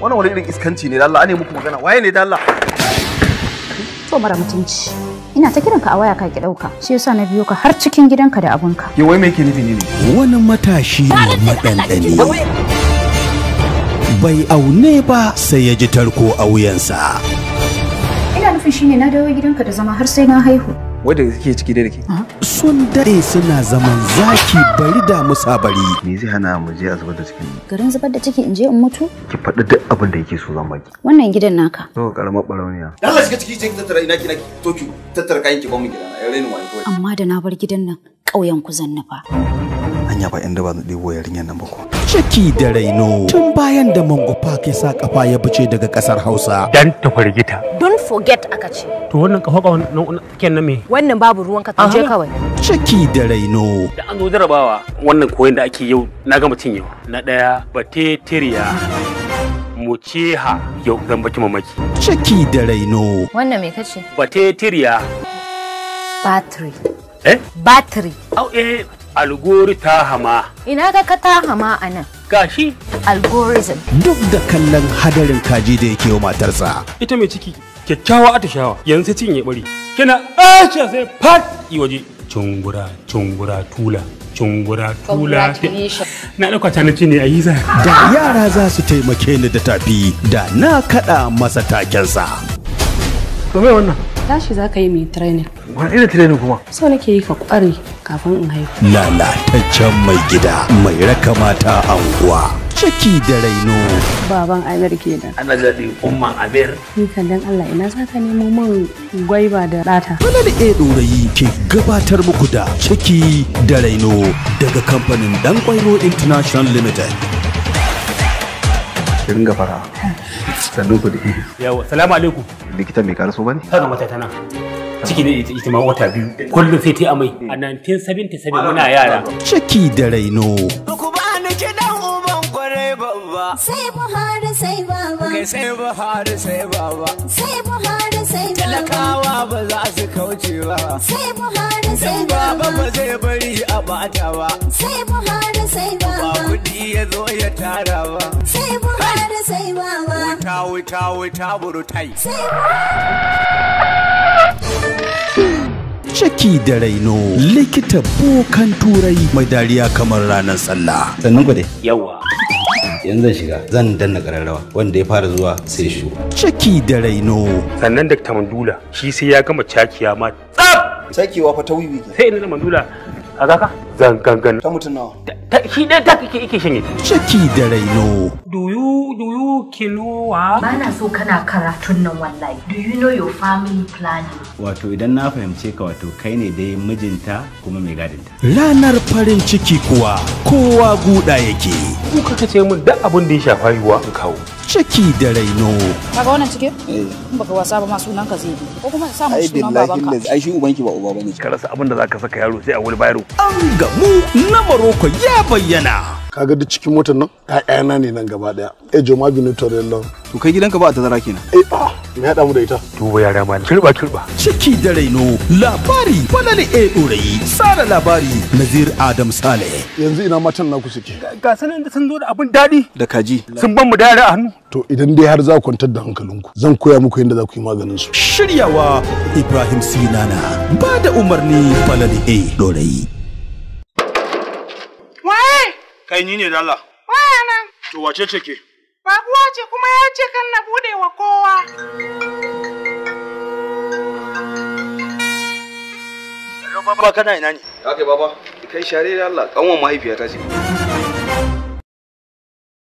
wannan wani irin iskanci ne da Allah muku magana waye ne da Allah to mara mutunci ina ta kiranka a waya ka ki dauka shi yasa na biyo ka har cikin gidanka da abunka ke wai me yake nufi ne wannan matashi ne madandani bai aune ba sai ya ji tarko a wuyansa ina nufin shine na dawo gidanka da zama har sai na haihu wadda ke ciki da ke. Sun daɗe suna zaman zaki bari da musa bari. Me zai hana mu je a zubar da cikin? Garin zubar da ciki in je in mutu? Ki faɗi duk abin da yake so zan baki. Wannan gidan naka. To karamar barauniya. Allah shiga ciki cikin tattara ina ki na to ki tattara kayan ki ba mu gidana. Rainin wani kawai. Amma da na bar gidan nan ƙauyen ku zan nufa. yarinya ba inda ba zan ɗebo yarinyar nan ba ko. Ciki da raino tun bayan da Mango Park ya sa kafa ya buce daga kasar Hausa. Dan ta fargita. Don't forget aka ce. To wannan kafa wannan kenan me? Wannan babu ruwan ka je kawai. Ciki da raino. Da an zo jarabawa wannan koyon da ake yau na gama cin yau. Na ɗaya ce Muceha yau zan baki mamaki. Ciki da raino. Wannan me kace? Batetiriya. Battery. Eh? Battery. Au eh algori ta hama. Ina ga ka ta hama a nan. Gashi. Algorism. Duk da kallon hadarin kaji da yake wa matarsa. Ita mai ciki kyakkyawa atishawa yanzu sai cinye bari. Kina aisha sai fat yi waje. Cungura cungura tula. Cungura tula. Na ɗauka ta ne a yi za. Da yara za su taimake ni da tafi da na kaɗa masa takensa. To wannan? Tashi za ka yi mai training. Wani irin training kuma? So nake yi ka ƙware kafin in haihu lalataccen mai gida mai raka mata anguwa ciki da raino baban amir da. ana zaɗi umman amir ni kan dan allah ina za ka nemo min gwaiba da ɗata wani da ɗaya ɗorayi ke gabatar muku da ciki da raino daga kamfanin dan kwairo international limited Shirin gafara. fara sannu ku da yawa salamu alaikum likita mai karaso bane sanin mata tana ciki ne ita ma wata biyu kullum sai ta amai a 1977 muna yara ciki da raino ku ba ni kidan uban kwarai babba sai buhari sai baba sai buhari sai baba sai buhari sai baba talakawa ba za su kauce ba sai buhari sai baba ba zai bari a bata ba sai buhari sai baba ba kudi ya zo ya tara ba sai buhari sai baba wuta wuta wuta burutai sai buhari shaki da raino likita bukan turai mai dariya kamar ranar sallah sannan ku yawa yanzu zan shiga zan danna kararrawa wanda ya fara zuwa sai shi ciki da raino sannan dr mandula shi sai ya gama cakiya ma tsaf cakiwa fa ta wiwi sai ina mandula a ka gan. ta mutum nawa shi dai ta kike ike shanye ciki da raino do you do you kinuwa bana so kana karatun nan wallahi do you know your family planning wato idan na fahimce ka wato kai ne dai mijinta kuma mai gadinta ranar farin ciki kuwa kowa guda yake ku kaka ce mun duk abin da ya shafa yiwa in kawo ciki da raino kaga wannan cike in baka wasa ba ma sunan ka zai ko kuma sa mu sunan babanka ai shi ubanki ba uba bane ka rasa abin da zaka saka yaro sai a wuri bayaro. an gamu na maroko ya bayyana kaga duk cikin motar nan ƴaƴana ne nan gaba daya eh joma binu torello to kai gidanka ba a tazara kenan eh ah. me haɗa mu da ita duba yara malam kirba kirba ciki da raino labari falali ɗorayi e tsara labari nazir adam sale yanzu ina matan naku suke ga sanin da sun zo da abun daɗi da kaji sun ban mu da yara hannu to idan dai har za ku kwantar da hankalinku zan koya muku yadda za ku yi maganin su shiryawa ibrahim sinana ba da umarni falali a e ɗorayi waye kai ni ne dala waye nan to wace ce ke Babuwa ce kuma ya ce kan na bude wa kowa. Hello baba kana ina ne? Ka kai baba, kai share da Allah kanwan mahaifiyata ce.